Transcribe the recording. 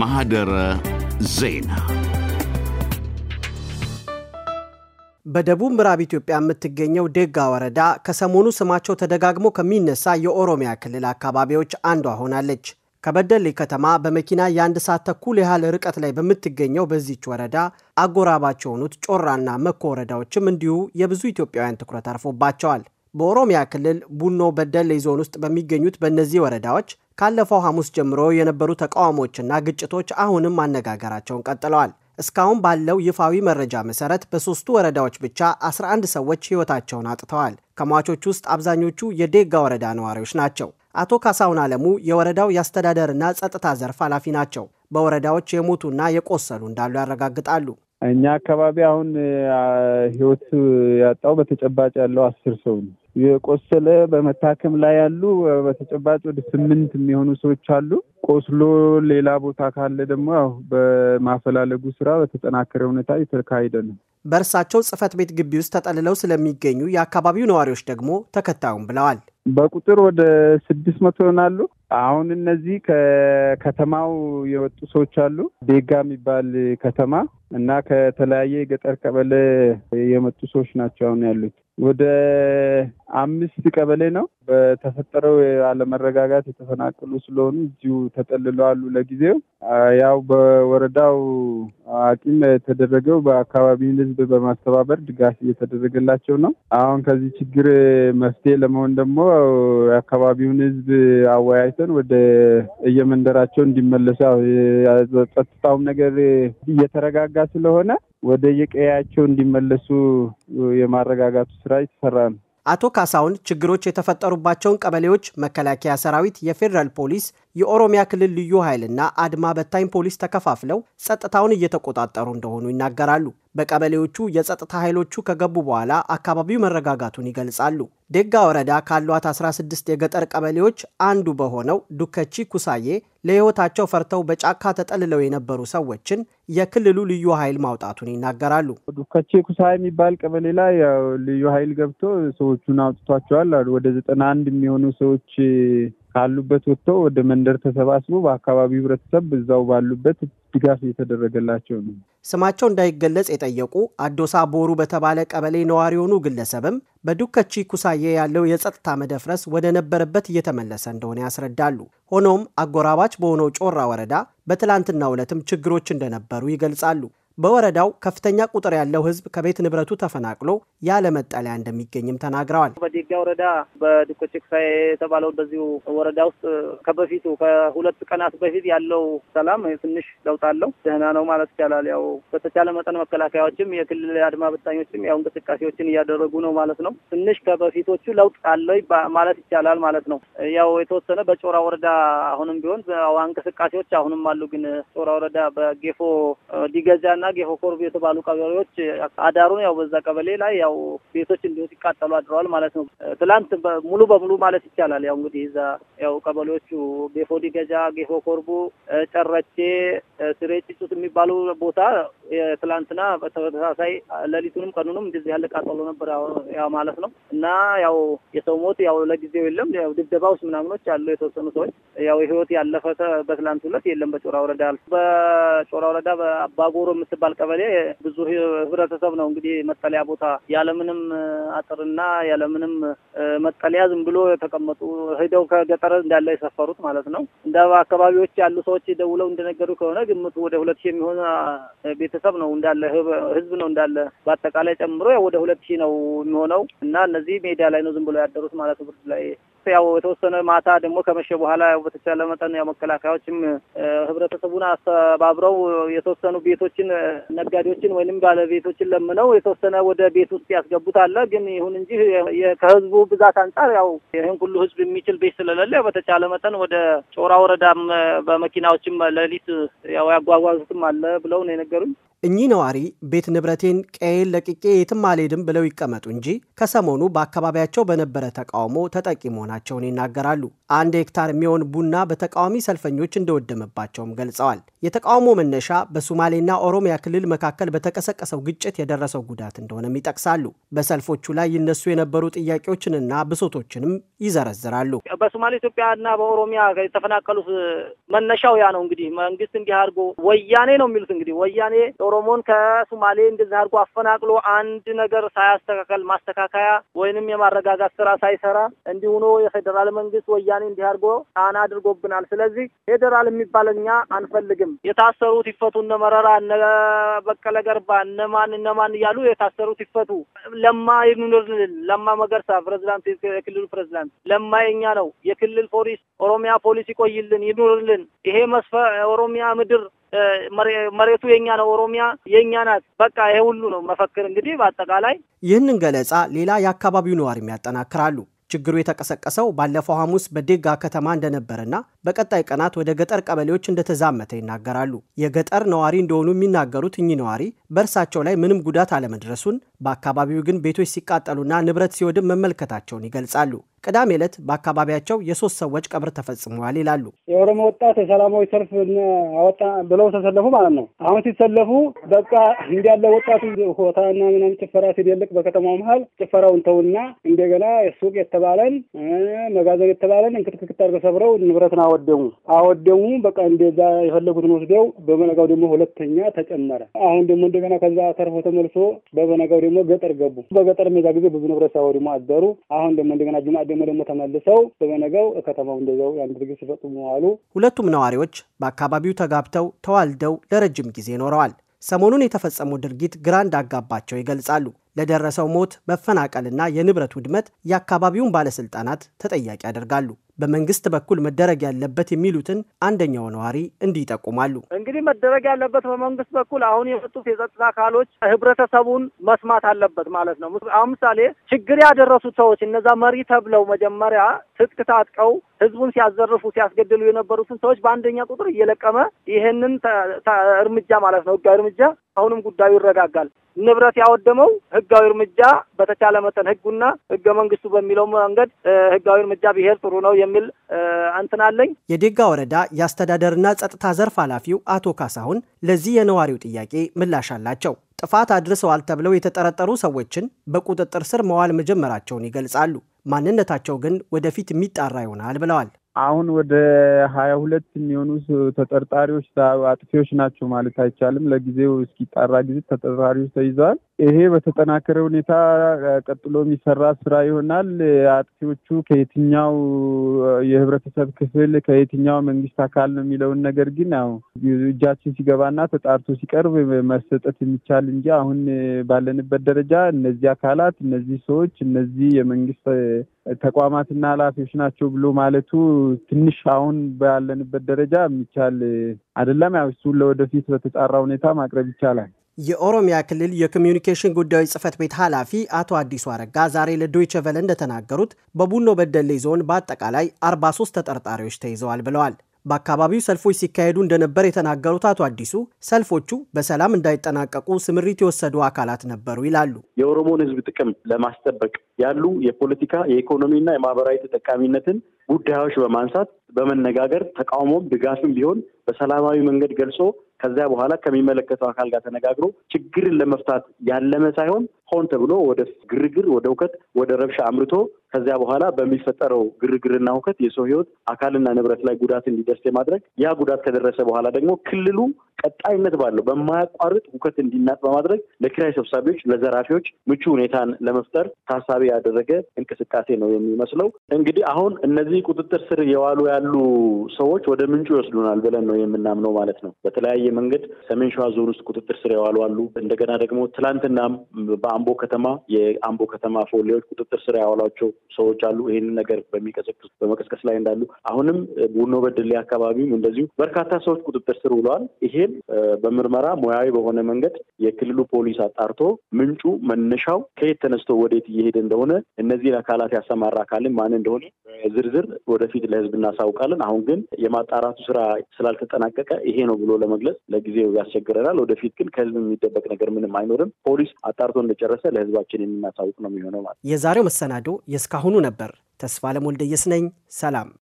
ማህደረ ዜና በደቡብ ምዕራብ ኢትዮጵያ የምትገኘው ደጋ ወረዳ ከሰሞኑ ስማቸው ተደጋግሞ ከሚነሳ የኦሮሚያ ክልል አካባቢዎች አንዷ ሆናለች። ከበደሌ ከተማ በመኪና የአንድ ሰዓት ተኩል ያህል ርቀት ላይ በምትገኘው በዚች ወረዳ አጎራባች የሆኑት ጮራና መኮ ወረዳዎችም እንዲሁ የብዙ ኢትዮጵያውያን ትኩረት አርፎባቸዋል። በኦሮሚያ ክልል ቡኖ በደሌ ዞን ውስጥ በሚገኙት በእነዚህ ወረዳዎች ካለፈው ሐሙስ ጀምሮ የነበሩ ተቃዋሞችና ግጭቶች አሁንም ማነጋገራቸውን ቀጥለዋል። እስካሁን ባለው ይፋዊ መረጃ መሰረት በሦስቱ ወረዳዎች ብቻ 11 ሰዎች ሕይወታቸውን አጥተዋል። ከሟቾች ውስጥ አብዛኞቹ የዴጋ ወረዳ ነዋሪዎች ናቸው። አቶ ካሳውን አለሙ የወረዳው የአስተዳደርና ጸጥታ ዘርፍ ኃላፊ ናቸው። በወረዳዎች የሞቱና የቆሰሉ እንዳሉ ያረጋግጣሉ። እኛ አካባቢ አሁን ህይወት ያጣው በተጨባጭ ያለው አስር ሰው ነው። የቆሰለ በመታከም ላይ ያሉ በተጨባጭ ወደ ስምንት የሚሆኑ ሰዎች አሉ። ቆስሎ ሌላ ቦታ ካለ ደግሞ ያው በማፈላለጉ ስራ በተጠናከረ ሁኔታ እየተካሄደ ነው። በእርሳቸው ጽህፈት ቤት ግቢ ውስጥ ተጠልለው ስለሚገኙ የአካባቢው ነዋሪዎች ደግሞ ተከታዩም ብለዋል። በቁጥር ወደ ስድስት መቶ ይሆናሉ። አሁን እነዚህ ከከተማው የወጡ ሰዎች አሉ። ቤጋ የሚባል ከተማ እና ከተለያየ የገጠር ቀበሌ የመጡ ሰዎች ናቸው አሁን ያሉት። ወደ አምስት ቀበሌ ነው በተፈጠረው አለመረጋጋት የተፈናቀሉ ስለሆኑ እዚሁ ተጠልለዋሉ። ለጊዜው ያው በወረዳው አቂም የተደረገው በአካባቢውን ሕዝብ በማስተባበር ድጋፍ እየተደረገላቸው ነው። አሁን ከዚህ ችግር መፍትሄ ለመሆን ደግሞ የአካባቢውን ሕዝብ አወያይተን ወደ እየመንደራቸው እንዲመለሱ ጸጥታውም ነገር እየተረጋጋ ስለሆነ ወደ የቀያቸው እንዲመለሱ የማረጋጋቱ ስራ ይሰራ ነው። አቶ ካሳውን ችግሮች የተፈጠሩባቸውን ቀበሌዎች መከላከያ ሰራዊት፣ የፌዴራል ፖሊስ፣ የኦሮሚያ ክልል ልዩ ኃይልና አድማ በታኝ ፖሊስ ተከፋፍለው ጸጥታውን እየተቆጣጠሩ እንደሆኑ ይናገራሉ። በቀበሌዎቹ የጸጥታ ኃይሎቹ ከገቡ በኋላ አካባቢው መረጋጋቱን ይገልጻሉ። ደጋ ወረዳ ካሏት 16 የገጠር ቀበሌዎች አንዱ በሆነው ዱከቺ ኩሳዬ ለሕይወታቸው ፈርተው በጫካ ተጠልለው የነበሩ ሰዎችን የክልሉ ልዩ ኃይል ማውጣቱን ይናገራሉ። ዱከቺ ኩሳዬ የሚባል ቀበሌ ላይ ልዩ ኃይል ገብቶ ሰዎቹን አውጥቷቸዋል። ወደ ዘጠና አንድ የሚሆኑ ሰዎች ካሉበት ወጥተው ወደ መንደር ተሰባስቦ በአካባቢው ህብረተሰብ እዛው ባሉበት ድጋፍ እየተደረገላቸው ነው። ስማቸው እንዳይገለጽ የጠየቁ አዶሳ ቦሩ በተባለ ቀበሌ ነዋሪ የሆኑ ግለሰብም በዱከቺ ኩሳዬ ያለው የጸጥታ መደፍረስ ወደ ነበረበት እየተመለሰ እንደሆነ ያስረዳሉ። ሆኖም አጎራባች በሆነው ጮራ ወረዳ በትላንትናው ዕለትም ችግሮች እንደነበሩ ይገልጻሉ። በወረዳው ከፍተኛ ቁጥር ያለው ህዝብ ከቤት ንብረቱ ተፈናቅሎ ያለ መጠለያ እንደሚገኝም ተናግረዋል። በዴጋ ወረዳ በዱኮቼክሳ የተባለው በዚሁ ወረዳ ውስጥ ከበፊቱ ከሁለት ቀናት በፊት ያለው ሰላም ትንሽ ለውጥ አለው። ደህና ነው ማለት ይቻላል። ያው በተቻለ መጠን መከላከያዎችም የክልል አድማ በታኞችም ያው እንቅስቃሴዎችን እያደረጉ ነው ማለት ነው። ትንሽ ከበፊቶቹ ለውጥ አለው ማለት ይቻላል ማለት ነው። ያው የተወሰነ በጮራ ወረዳ አሁንም ቢሆን እንቅስቃሴዎች አሁንም አሉ። ግን ጮራ ወረዳ በጌፎ ዲገዛ እና ጌሆ ኮርብ የተባሉ ቀበሌዎች አዳሩን ያው በዛ ቀበሌ ላይ ያው ቤቶች እንዲሁ ሲቃጠሉ አድረዋል ማለት ነው። ትላንት ሙሉ በሙሉ ማለት ይቻላል ያው እንግዲህ እዛ ያው ቀበሌዎቹ ቤፎ ዲገጃ፣ ጌሆ ኮርቡ፣ ጨረቼ፣ ስሬ ጭጩት የሚባሉ ቦታ ትላንትና በተመሳሳይ ሌሊቱንም ቀኑንም እንደዚህ ያለ ቃጠሎ ነበር ያው ማለት ነው እና ያው የሰው ሞት ያው ለጊዜው የለም። ያው ድብደባዎች ምናምኖች አሉ የተወሰኑ ሰዎች ያው ህይወት ያለፈ በትላንት ሁለት የለም። በጮራ ወረዳ በጮራ ወረዳ በአባጎሮ የምትባል ቀበሌ ብዙ ህብረተሰብ ነው እንግዲህ መጠለያ ቦታ ያለምንም አጥርና ያለምንም መጠለያ ዝም ብሎ የተቀመጡ ሂደው ከገጠር እንዳለ የሰፈሩት ማለት ነው። እንደ አካባቢዎች ያሉ ሰዎች ደውለው እንደነገሩ ከሆነ ግምቱ ወደ ሁለት ሺህ የሚሆን ቤተሰብ ነው እንዳለ ህዝብ ነው እንዳለ በአጠቃላይ ጨምሮ ወደ ሁለት ሺህ ነው የሚሆነው እና እነዚህ ሜዳ ላይ ነው ዝም ብሎ ያደሩት ማለት ብርድ ላይ ያው የተወሰነ ማታ ደግሞ ከመሸ በኋላ ያው በተቻለ መጠን ያው መከላከያዎችም ህብረተሰቡን አስተባብረው የተወሰኑ ቤቶችን ነጋዴዎችን ወይም ባለቤቶችን ለምነው የተወሰነ ወደ ቤት ውስጥ ያስገቡት ግን ይሁን እንጂ ከህዝቡ ብዛት አንጻር ያው ይህን ሁሉ ህዝብ የሚችል ቤት ስለሌለ በተቻለ መጠን ወደ ጮራ ወረዳም በመኪናዎችም ለሊት ያው ያጓጓዙትም አለ ብለው ነው የነገሩኝ። እኚህ ነዋሪ ቤት ንብረቴን፣ ቀዬን ለቅቄ የትም አልሄድም ብለው ይቀመጡ እንጂ ከሰሞኑ በአካባቢያቸው በነበረ ተቃውሞ ተጠቂ መሆናቸውን ይናገራሉ። አንድ ሄክታር የሚሆን ቡና በተቃዋሚ ሰልፈኞች እንደወደመባቸውም ገልጸዋል። የተቃውሞ መነሻ በሶማሌና ኦሮሚያ ክልል መካከል በተቀሰቀሰው ግጭት የደረሰው ጉዳት እንደሆነም ይጠቅሳሉ። በሰልፎቹ ላይ ይነሱ የነበሩ ጥያቄዎችንና ብሶቶችንም ይዘረዝራሉ። በሶማሌ ኢትዮጵያ በኦሮሚያ የተፈናቀሉት መነሻው ያ ነው። እንግዲህ መንግስት እንዲህ አድርጎ ወያኔ ነው የሚሉት እንግዲህ ወያኔ ኦሮሞን ከሶማሌ እንደዚህ አድርጎ አፈናቅሎ አንድ ነገር ሳያስተካከል ማስተካከያ ወይንም የማረጋጋት ስራ ሳይሰራ እንዲሁ ሆኖ የፌዴራል መንግስት ወያኔ እንዲህ አድርጎ ጫና አድርጎብናል። ስለዚህ ፌዴራል የሚባል እኛ አንፈልግም። የታሰሩት ይፈቱ፣ እነ መረራ፣ እነ በቀለ ገርባ፣ እነማን እነማን እያሉ የታሰሩት ይፈቱ። ለማ ይኑርልን። ለማ መገርሳ ፕሬዚዳንት፣ የክልሉ ፕሬዚዳንት ለማ የኛ ነው። የክልል ፖሊስ ኦሮሚያ ፖሊስ ይቆይልን፣ ይኑርልን። ይሄ መስፈ ኦሮሚያ ምድር መሬቱ የኛ ነው፣ ኦሮሚያ የኛ ናት፣ በቃ ይሄ ሁሉ ነው መፈክር። እንግዲህ በአጠቃላይ ይህንን ገለጻ ሌላ የአካባቢው ነዋሪም ያጠናክራሉ። ችግሩ የተቀሰቀሰው ባለፈው ሐሙስ በዴጋ ከተማ እንደነበረና በቀጣይ ቀናት ወደ ገጠር ቀበሌዎች እንደተዛመተ ይናገራሉ። የገጠር ነዋሪ እንደሆኑ የሚናገሩት እኚህ ነዋሪ በእርሳቸው ላይ ምንም ጉዳት አለመድረሱን፣ በአካባቢው ግን ቤቶች ሲቃጠሉና ንብረት ሲወድም መመልከታቸውን ይገልጻሉ። ቅዳሜ ዕለት በአካባቢያቸው የሶስት ሰዎች ቀብር ተፈጽመዋል ይላሉ። የኦሮሞ ወጣት የሰላማዊ ሰልፍ አወጣ ብለው ተሰለፉ ማለት ነው። አሁን ሲሰለፉ በቃ እንዲያለ ወጣቱ ሆታና ምናምን ጭፈራ ሲደልቅ በከተማው መሀል ጭፈራውን ተውና እንደገና ሱቅ የተባለን መጋዘን የተባለን እንክትክት አድርገው ሰብረው ንብረትን አወደሙ አወደሙ። በቃ እንደዛ የፈለጉትን ወስደው በበነጋው ደግሞ ሁለተኛ ተጨመረ። አሁን ደግሞ እንደገና ከዛ ተርፎ ተመልሶ በበነጋው ደግሞ ገጠር ገቡ። በገጠር ሜዛ ጊዜ ብዙ ንብረት ሳወድሙ አደሩ። አሁን ደግሞ እንደገና ጅማ ደግሞ ደግሞ ተመልሰው በበነገው ከተማው እንደዚያው ያን ድርጊት ሲፈጽሙ አሉ። ሁለቱም ነዋሪዎች በአካባቢው ተጋብተው ተዋልደው ለረጅም ጊዜ ኖረዋል። ሰሞኑን የተፈጸመው ድርጊት ግራ እንዳጋባቸው ይገልጻሉ። ለደረሰው ሞት መፈናቀልና የንብረት ውድመት የአካባቢውን ባለስልጣናት ተጠያቂ ያደርጋሉ። በመንግስት በኩል መደረግ ያለበት የሚሉትን አንደኛው ነዋሪ እንዲህ ይጠቁማሉ። እንግዲህ መደረግ ያለበት በመንግስት በኩል አሁን የመጡት የጸጥታ አካሎች ህብረተሰቡን መስማት አለበት ማለት ነው። አሁን ምሳሌ ችግር ያደረሱት ሰዎች እነዛ መሪ ተብለው መጀመሪያ ትጥቅ ታጥቀው ህዝቡን ሲያዘርፉ ሲያስገድሉ የነበሩትን ሰዎች በአንደኛ ቁጥር እየለቀመ ይህንን እርምጃ ማለት ነው ህጋዊ እርምጃ አሁንም ጉዳዩ ይረጋጋል። ንብረት ያወደመው ህጋዊ እርምጃ በተቻለ መጠን ህጉና ህገ መንግስቱ በሚለው መንገድ ህጋዊ እርምጃ ብሄር ጥሩ ነው የሚል እንትን አለኝ። የዴጋ ወረዳ የአስተዳደርና ጸጥታ ዘርፍ ኃላፊው አቶ ካሳሁን ለዚህ የነዋሪው ጥያቄ ምላሽ አላቸው። ጥፋት አድርሰዋል ተብለው የተጠረጠሩ ሰዎችን በቁጥጥር ስር መዋል መጀመራቸውን ይገልጻሉ። ማንነታቸው ግን ወደፊት የሚጣራ ይሆናል ብለዋል። አሁን ወደ ሀያ ሁለት የሚሆኑ ተጠርጣሪዎች አጥፊዎች ናቸው ማለት አይቻልም። ለጊዜው እስኪጣራ ጊዜ ተጠርጣሪዎች ተይዘዋል። ይሄ በተጠናከረ ሁኔታ ቀጥሎ የሚሰራ ስራ ይሆናል። አጥፊዎቹ ከየትኛው የህብረተሰብ ክፍል ከየትኛው መንግስት አካል ነው የሚለውን ነገር ግን ያው እጃችን ሲገባና ተጣርቶ ሲቀርብ መሰጠት የሚቻል እንጂ አሁን ባለንበት ደረጃ እነዚህ አካላት እነዚህ ሰዎች እነዚህ የመንግስት ተቋማትና ኃላፊዎች ናቸው ብሎ ማለቱ ትንሽ አሁን ባለንበት ደረጃ የሚቻል አይደለም። ያው እሱን ለወደፊት በተጣራ ሁኔታ ማቅረብ ይቻላል። የኦሮሚያ ክልል የኮሚዩኒኬሽን ጉዳዮች ጽህፈት ቤት ኃላፊ አቶ አዲሱ አረጋ ዛሬ ለዶይቸ ቨለ እንደተናገሩት በቡኖ በደሌ ዞን በአጠቃላይ 43 ተጠርጣሪዎች ተይዘዋል ብለዋል። በአካባቢው ሰልፎች ሲካሄዱ እንደነበር የተናገሩት አቶ አዲሱ ሰልፎቹ በሰላም እንዳይጠናቀቁ ስምሪት የወሰዱ አካላት ነበሩ ይላሉ። የኦሮሞን ሕዝብ ጥቅም ለማስጠበቅ ያሉ የፖለቲካ የኢኮኖሚና የማህበራዊ ተጠቃሚነትን ጉዳዮች በማንሳት በመነጋገር ተቃውሞም ድጋፍም ቢሆን በሰላማዊ መንገድ ገልጾ ከዚያ በኋላ ከሚመለከተው አካል ጋር ተነጋግሮ ችግርን ለመፍታት ያለመ ሳይሆን ሆን ተብሎ ወደ ግርግር፣ ወደ እውከት፣ ወደ ረብሻ አምርቶ ከዚያ በኋላ በሚፈጠረው ግርግርና እውከት የሰው ህይወት አካልና ንብረት ላይ ጉዳት እንዲደርስ የማድረግ ያ ጉዳት ከደረሰ በኋላ ደግሞ ክልሉ ቀጣይነት ባለው በማያቋርጥ እውከት እንዲናጥ በማድረግ ለኪራይ ሰብሳቢዎች፣ ለዘራፊዎች ምቹ ሁኔታን ለመፍጠር ታሳቢ ያደረገ እንቅስቃሴ ነው የሚመስለው። እንግዲህ አሁን እነዚህ በዚህ ቁጥጥር ስር የዋሉ ያሉ ሰዎች ወደ ምንጩ ይወስዱናል ብለን ነው የምናምነው ማለት ነው። በተለያየ መንገድ ሰሜን ሸዋ ዞን ውስጥ ቁጥጥር ስር የዋሉ አሉ። እንደገና ደግሞ ትላንትናም በአምቦ ከተማ የአምቦ ከተማ ፎሌዎች ቁጥጥር ስር ያዋሏቸው ሰዎች አሉ። ይህን ነገር በሚቀሰቅስ በመቀስቀስ ላይ እንዳሉ አሁንም ቡኖ በድሌ አካባቢም እንደዚሁ በርካታ ሰዎች ቁጥጥር ስር ውለዋል። ይሄም በምርመራ ሙያዊ በሆነ መንገድ የክልሉ ፖሊስ አጣርቶ ምንጩ መነሻው ከየት ተነስቶ ወዴት እየሄደ እንደሆነ እነዚህን አካላት ያሰማራ አካልን ማን እንደሆነ ዝርዝር ችግር ወደፊት ለህዝብ እናሳውቃለን። አሁን ግን የማጣራቱ ስራ ስላልተጠናቀቀ ይሄ ነው ብሎ ለመግለጽ ለጊዜው ያስቸግረናል። ወደፊት ግን ከህዝብ የሚደበቅ ነገር ምንም አይኖርም። ፖሊስ አጣርቶ እንደጨረሰ ለህዝባችን የምናሳውቅ ነው የሚሆነው ማለት። የዛሬው መሰናዶ የእስካሁኑ ነበር። ተስፋ ለሞልደየስ ነኝ። ሰላም።